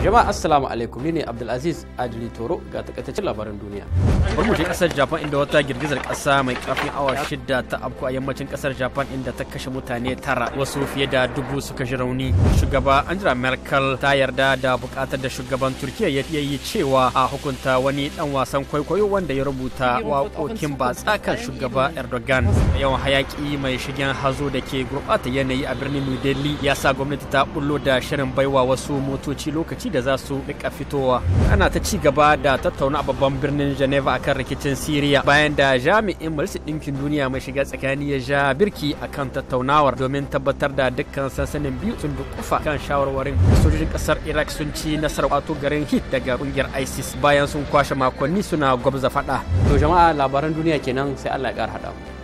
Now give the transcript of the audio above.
jama'a assalamu alaikum ne abdulaziz adili toro ga takaitaccen labaran duniya bari mu je kasar japan inda wata girgizar kasa mai karfin awa shida ta afku a yammacin kasar japan inda ta kashe mutane tara wasu fiye da dubu suka ji rauni shugaba angela merkel ta yarda da bukatar da shugaban turkiya ya yi cewa a hukunta wani dan wasan kwaikwayo wanda ya rubuta waƙoƙin tsakan shugaba erdogan yawan hayaki mai shigen hazo da ke gurɓata yanayi a birnin new delhi ya sa gwamnati ta bullo da shirin baiwa wasu motoci lokaci da za su rika fitowa ana ta ci gaba da tattauna a babban birnin geneva akan rikicin syria bayan da jami'in majalisar ɗinkin duniya mai shiga tsakani ya ja birki akan tattaunawar domin tabbatar da dukkan sansanin biyu sun kufa kan shawarwarin sojojin kasar iraq sun ci nasarar wato garin hit daga kungiyar isis bayan sun kwashe makonni suna gwabza fada. to jama'a labaran duniya kenan sai allah ya ƙara haɗa